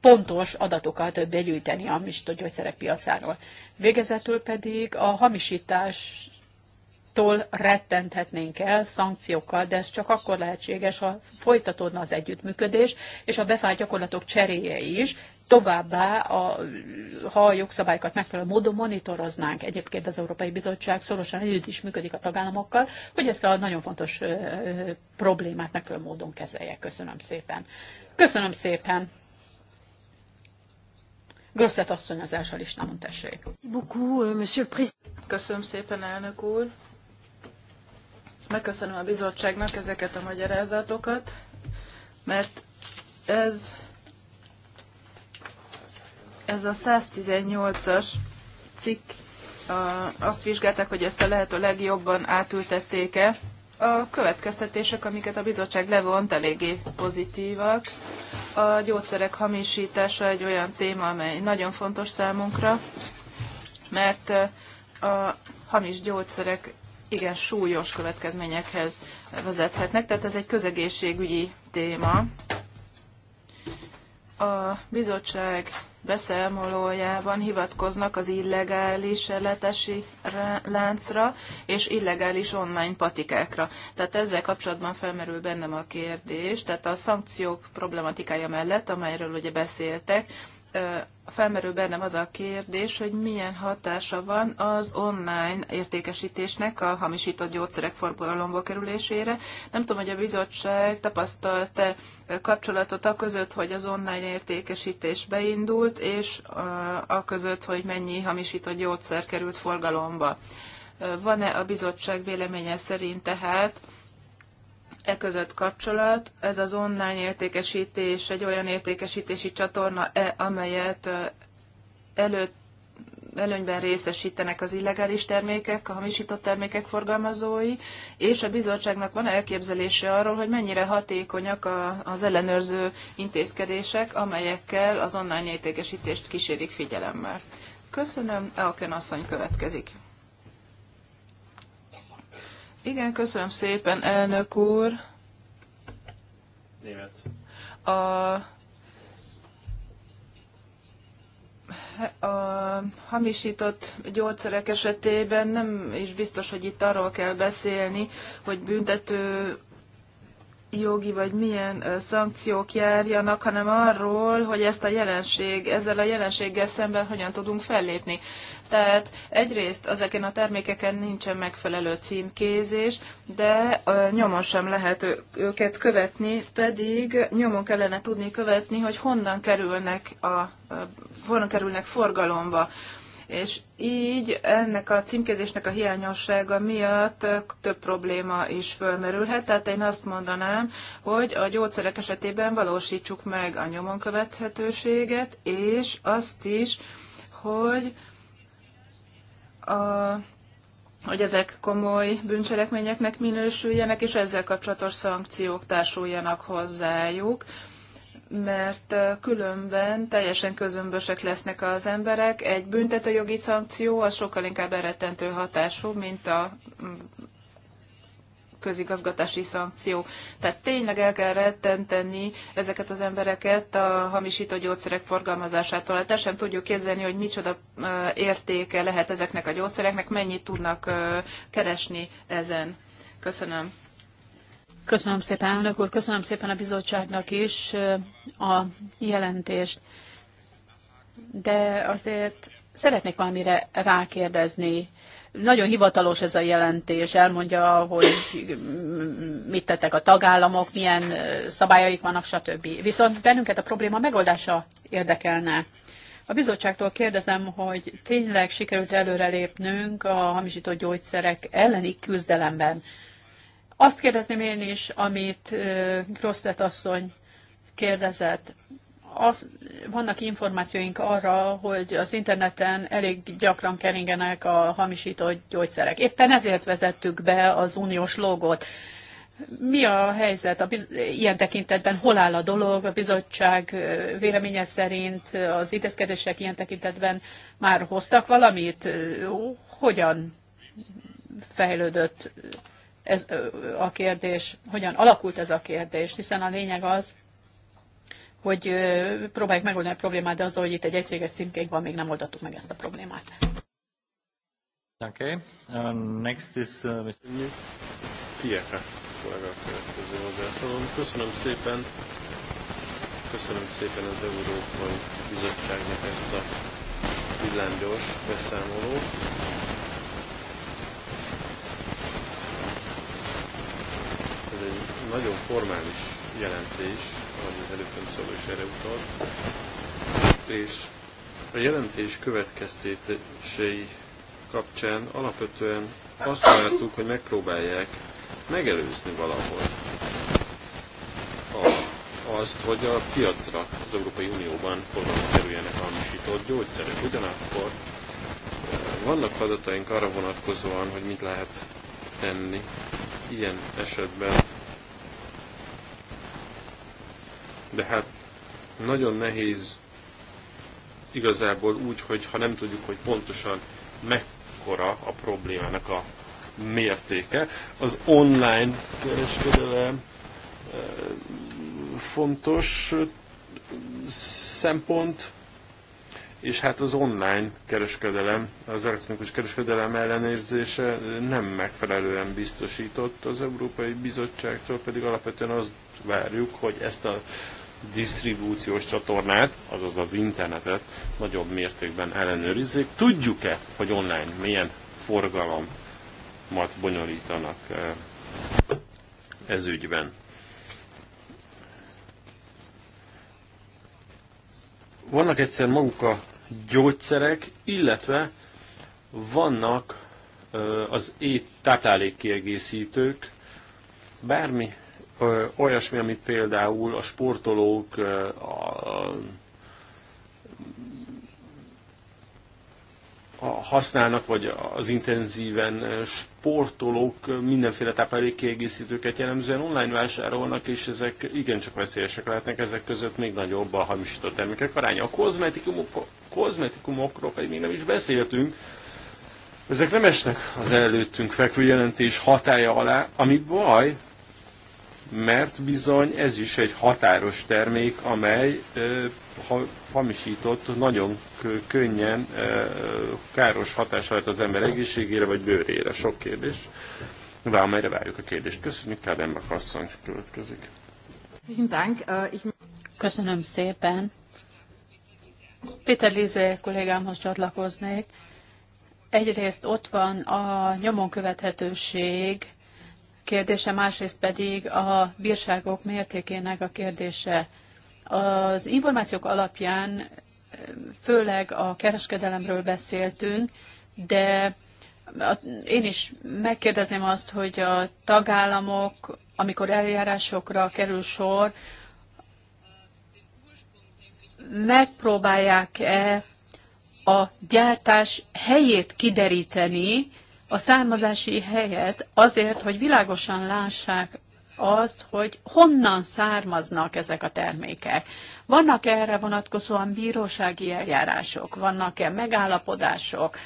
pontos adatokat begyűjteni a hamisított gyógyszerek piacáról. Végezetül pedig a hamisítás tól rettenthetnénk el szankciókkal, de ez csak akkor lehetséges, ha folytatódna az együttműködés, és a befált gyakorlatok cseréje is, Továbbá, a, ha a jogszabályokat megfelelő módon monitoroznánk, egyébként az Európai Bizottság szorosan együtt is működik a tagállamokkal, hogy ezt a nagyon fontos problémát megfelelő módon kezelje. Köszönöm szépen. Köszönöm szépen. Grosszett asszony az első listámon, tessék. Köszönöm szépen, elnök úr. Megköszönöm a bizottságnak ezeket a magyarázatokat, mert ez ez a 118-as cikk, azt vizsgálták, hogy ezt a lehető legjobban átültették-e. A következtetések, amiket a bizottság levont, eléggé pozitívak. A gyógyszerek hamisítása egy olyan téma, amely nagyon fontos számunkra, mert a hamis gyógyszerek igen súlyos következményekhez vezethetnek, tehát ez egy közegészségügyi téma. A bizottság beszámolójában hivatkoznak az illegális letesi láncra és illegális online patikákra. Tehát ezzel kapcsolatban felmerül bennem a kérdés, tehát a szankciók problematikája mellett, amelyről ugye beszéltek, felmerül bennem az a kérdés, hogy milyen hatása van az online értékesítésnek a hamisított gyógyszerek forgalomba kerülésére. Nem tudom, hogy a bizottság tapasztalt-e kapcsolatot a között, hogy az online értékesítés beindult, és a között, hogy mennyi hamisított gyógyszer került forgalomba. Van-e a bizottság véleménye szerint tehát e között kapcsolat. Ez az online értékesítés egy olyan értékesítési csatorna, -e, amelyet előtt előnyben részesítenek az illegális termékek, a hamisított termékek forgalmazói, és a bizottságnak van elképzelése arról, hogy mennyire hatékonyak a, az ellenőrző intézkedések, amelyekkel az online értékesítést kísérik figyelemmel. Köszönöm, Elken asszony következik. Igen, köszönöm szépen, elnök úr. Német. A, a hamisított gyógyszerek esetében nem is biztos, hogy itt arról kell beszélni, hogy büntető jogi vagy milyen szankciók járjanak, hanem arról, hogy ezt a jelenség, ezzel a jelenséggel szemben hogyan tudunk fellépni. Tehát egyrészt ezeken a termékeken nincsen megfelelő címkézés, de nyomon sem lehet őket követni, pedig nyomon kellene tudni követni, hogy honnan kerülnek, a, honnan kerülnek forgalomba és így ennek a címkézésnek a hiányossága miatt több probléma is fölmerülhet. Tehát én azt mondanám, hogy a gyógyszerek esetében valósítsuk meg a nyomon követhetőséget, és azt is, hogy a, hogy ezek komoly bűncselekményeknek minősüljenek, és ezzel kapcsolatos szankciók társuljanak hozzájuk mert különben teljesen közömbösek lesznek az emberek. Egy büntetőjogi szankció az sokkal inkább eretentő hatású, mint a közigazgatási szankció. Tehát tényleg el kell rettenteni ezeket az embereket a hamisító gyógyszerek forgalmazásától. Hát sem tudjuk képzelni, hogy micsoda értéke lehet ezeknek a gyógyszereknek, mennyit tudnak keresni ezen. Köszönöm. Köszönöm szépen, elnök úr, köszönöm szépen a bizottságnak is a jelentést. De azért szeretnék valamire rákérdezni. Nagyon hivatalos ez a jelentés, elmondja, hogy mit tettek a tagállamok, milyen szabályaik vannak, stb. Viszont bennünket a probléma megoldása érdekelne. A bizottságtól kérdezem, hogy tényleg sikerült előrelépnünk a hamisított gyógyszerek elleni küzdelemben. Azt kérdezném én is, amit Grosztet asszony kérdezett az, vannak információink arra, hogy az interneten elég gyakran keringenek a hamisított gyógyszerek. Éppen ezért vezettük be az uniós logót. Mi a helyzet a biz- ilyen tekintetben? Hol áll a dolog? A bizottság véleménye szerint az intézkedések ilyen tekintetben már hoztak valamit? Hogyan fejlődött ez a kérdés? Hogyan alakult ez a kérdés? Hiszen a lényeg az, hogy próbáljuk megoldani a problémát, de az, hogy itt egy egységes címkék van, még nem oldottuk meg ezt a problémát. Okay. Um, next is uh, Pieka kollega következő hozzászólom. Köszönöm szépen, köszönöm szépen az Európai Bizottságnak ezt a villámgyors beszámolót. Ez egy nagyon formális jelentés, ahogy az előttem szóló is erre utalt, és a jelentés következtetései kapcsán alapvetően azt láttuk, hogy megpróbálják megelőzni valahol a, azt, hogy a piacra az Európai Unióban forgalomba kerüljenek hamisított gyógyszerek. Ugyanakkor eh, vannak adataink arra vonatkozóan, hogy mit lehet tenni ilyen esetben de hát nagyon nehéz igazából úgy, hogy ha nem tudjuk, hogy pontosan mekkora a problémának a mértéke. Az online kereskedelem fontos szempont, és hát az online kereskedelem, az elektronikus kereskedelem ellenérzése nem megfelelően biztosított az Európai Bizottságtól, pedig alapvetően azt várjuk, hogy ezt a disztribúciós csatornát, azaz az internetet nagyobb mértékben ellenőrizzék. Tudjuk-e, hogy online milyen forgalomat bonyolítanak eh, ez ügyben? Vannak egyszer maguk a gyógyszerek, illetve vannak eh, az táplálékkiegészítők, bármi olyasmi, amit például a sportolók, a, a használnak, vagy az intenzíven sportolók mindenféle táplálékkiegészítőket jellemzően online vásárolnak, és ezek igencsak veszélyesek lehetnek, ezek között még nagyobb a hamisított termékek aránya. A kozmetikumok, kozmetikumokról pedig még nem is beszéltünk, ezek nem esnek az előttünk fekvő jelentés hatája alá, ami baj, mert bizony ez is egy határos termék, amely ha hamisított, nagyon könnyen káros hatása lehet az ember egészségére vagy bőrére. Sok kérdés. Vámelyre várjuk a kérdést. Köszönjük, Kádemba asszony következik. Köszönöm szépen. Péter Lize kollégámhoz csatlakoznék. Egyrészt ott van a nyomon követhetőség, kérdése, másrészt pedig a bírságok mértékének a kérdése. Az információk alapján főleg a kereskedelemről beszéltünk, de én is megkérdezném azt, hogy a tagállamok, amikor eljárásokra kerül sor, megpróbálják-e a gyártás helyét kideríteni, a származási helyet azért, hogy világosan lássák azt, hogy honnan származnak ezek a termékek. Vannak -e erre vonatkozóan bírósági eljárások, vannak-e megállapodások,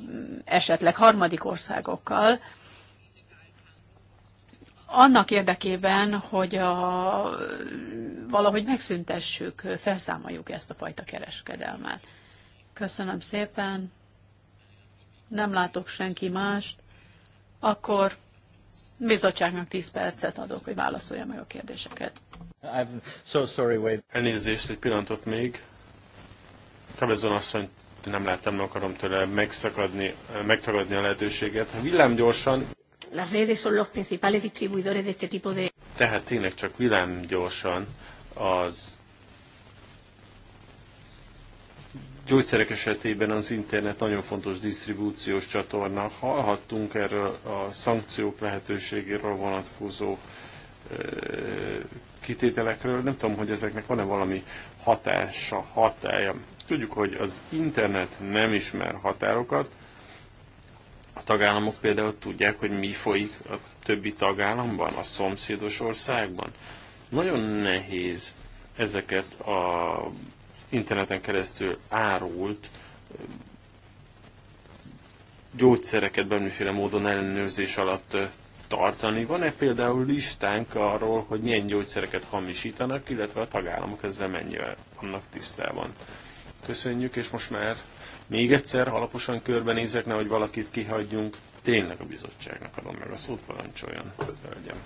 mm, esetleg harmadik országokkal, annak érdekében, hogy a, valahogy megszüntessük, felszámoljuk ezt a fajta kereskedelmet. Köszönöm szépen nem látok senki mást, akkor bizottságnak 10 percet adok, hogy válaszolja meg a kérdéseket. I'm so sorry, wait. Elnézést, egy pillanatot még. Cabezon asszony, nem láttam, nem akarom tőle megszakadni, megtagadni a lehetőséget. Villám gyorsan. Las redes son los principales distribuidores de este tipo de... Tehát tényleg csak villám gyorsan az gyógyszerek esetében az internet nagyon fontos disztribúciós csatorna. Hallhattunk erről a szankciók lehetőségéről vonatkozó kitételekről. Nem tudom, hogy ezeknek van-e valami hatása, hatája. Tudjuk, hogy az internet nem ismer határokat. A tagállamok például tudják, hogy mi folyik a többi tagállamban, a szomszédos országban. Nagyon nehéz ezeket a interneten keresztül árult gyógyszereket bármiféle módon ellenőrzés alatt tartani. Van-e például listánk arról, hogy milyen gyógyszereket hamisítanak, illetve a tagállamok ezzel mennyire vannak tisztában? Köszönjük, és most már még egyszer alaposan körbenézek, nehogy valakit kihagyjunk. Tényleg a bizottságnak adom meg a szót, parancsoljon, hölgyem.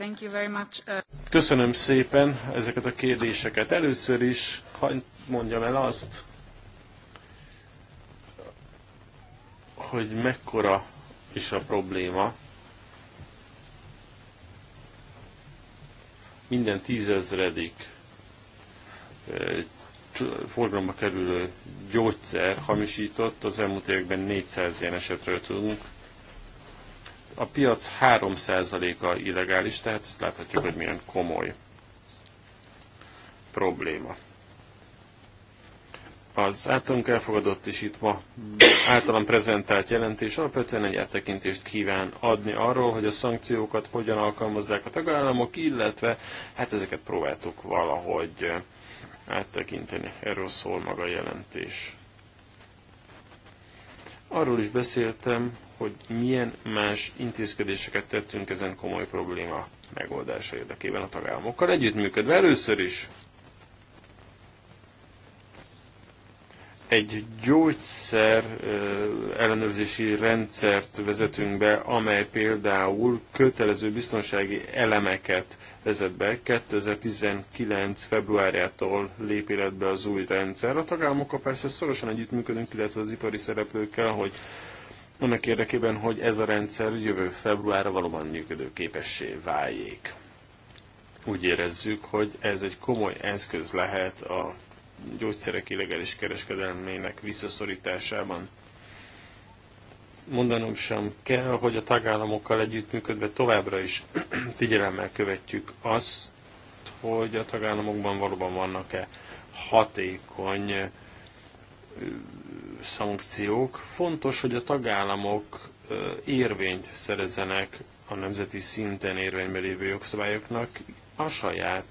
Thank you very much. Uh, Köszönöm szépen ezeket a kérdéseket. Először is hagyd mondjam el azt, hogy mekkora is a probléma. Minden tízezredik forgalomba kerülő gyógyszer hamisított, az elmúlt években 400 ilyen esetről tudunk, a piac 3%-a illegális, tehát ezt láthatjuk, hogy milyen komoly probléma. Az általunk elfogadott is itt ma általam prezentált jelentés alapvetően egy áttekintést kíván adni arról, hogy a szankciókat hogyan alkalmazzák a tagállamok, illetve hát ezeket próbáltuk valahogy áttekinteni. Erről szól maga a jelentés. Arról is beszéltem, hogy milyen más intézkedéseket tettünk ezen komoly probléma megoldása érdekében a tagállamokkal együttműködve. Először is egy gyógyszer ellenőrzési rendszert vezetünk be, amely például kötelező biztonsági elemeket vezet be. 2019. februárjától lép életbe az új rendszer. A tagállamokkal persze szorosan együttműködünk, illetve az ipari szereplőkkel, hogy annak érdekében, hogy ez a rendszer jövő februárra valóban működőképessé váljék. Úgy érezzük, hogy ez egy komoly eszköz lehet a gyógyszerek illegális kereskedelmének visszaszorításában. Mondanom sem kell, hogy a tagállamokkal együttműködve továbbra is figyelemmel követjük azt, hogy a tagállamokban valóban vannak-e hatékony szankciók. Fontos, hogy a tagállamok érvényt szerezenek a nemzeti szinten érvényben lévő jogszabályoknak a saját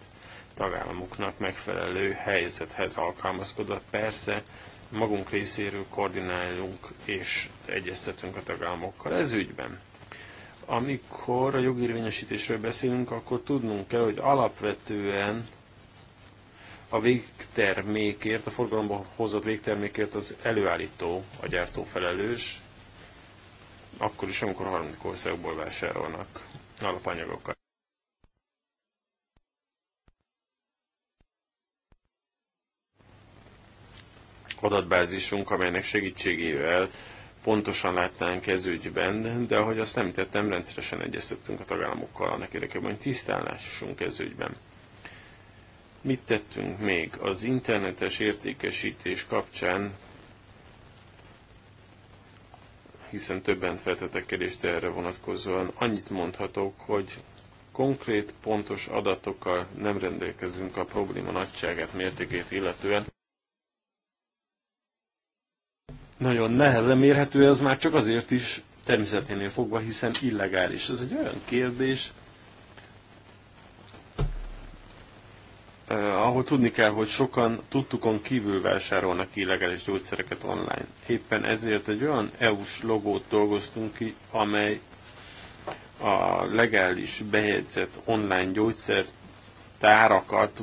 tagállamoknak megfelelő helyzethez alkalmazkodva. Persze magunk részéről koordinálunk és egyeztetünk a tagállamokkal ez ügyben. Amikor a jogérvényesítésről beszélünk, akkor tudnunk kell, hogy alapvetően a végtermékért, a forgalomba hozott végtermékért az előállító, a gyártó felelős, akkor is, amikor harmadik országból vásárolnak alapanyagokat. adatbázisunk, amelynek segítségével pontosan látnánk ez ügyben, de ahogy azt nem tettem, rendszeresen egyeztettünk a tagállamokkal annak érdekében, hogy tisztán ez ügyben. Mit tettünk még? Az internetes értékesítés kapcsán, hiszen többen feltettek kérdést erre vonatkozóan, annyit mondhatok, hogy konkrét, pontos adatokkal nem rendelkezünk a probléma nagyságát, mértékét illetően nagyon nehezen mérhető, ez már csak azért is természeténél fogva, hiszen illegális. Ez egy olyan kérdés, eh, ahol tudni kell, hogy sokan tudtukon kívül vásárolnak illegális gyógyszereket online. Éppen ezért egy olyan EU-s logót dolgoztunk ki, amely a legális bejegyzett online gyógyszer tárakat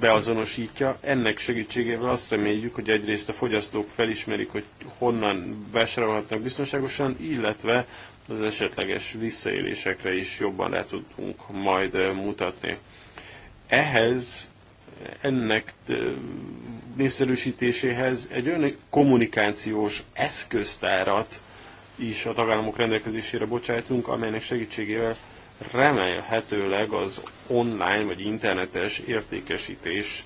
beazonosítja. Ennek segítségével azt reméljük, hogy egyrészt a fogyasztók felismerik, hogy honnan vásárolhatnak biztonságosan, illetve az esetleges visszaélésekre is jobban rá tudunk majd mutatni. Ehhez, ennek népszerűsítéséhez egy olyan kommunikációs eszköztárat is a tagállamok rendelkezésére bocsájtunk, amelynek segítségével remélhetőleg az online vagy internetes értékesítés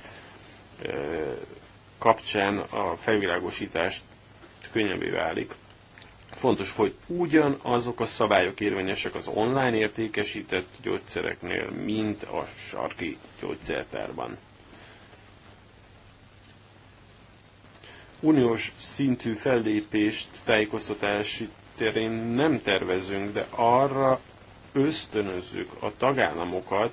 kapcsán a felvilágosítás könnyebbé válik. Fontos, hogy ugyanazok a szabályok érvényesek az online értékesített gyógyszereknél, mint a sarki gyógyszertárban. Uniós szintű fellépést tájékoztatási terén nem tervezünk, de arra ösztönözzük a tagállamokat,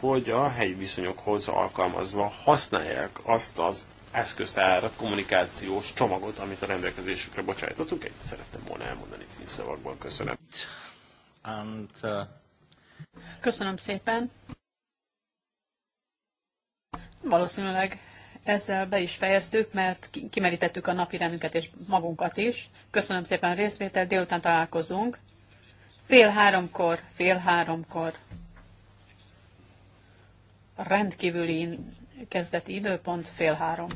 hogy a helyi viszonyokhoz alkalmazva használják azt az eszköztárat, kommunikációs csomagot, amit a rendelkezésükre bocsájtottunk. Egy szerettem volna elmondani címszavakból. Köszönöm. And, uh... Köszönöm szépen. Valószínűleg ezzel be is fejeztük, mert kimerítettük a napi rendünket és magunkat is. Köszönöm szépen a részvételt, délután találkozunk. Fél háromkor, fél háromkor. A rendkívüli kezdeti időpont fél három.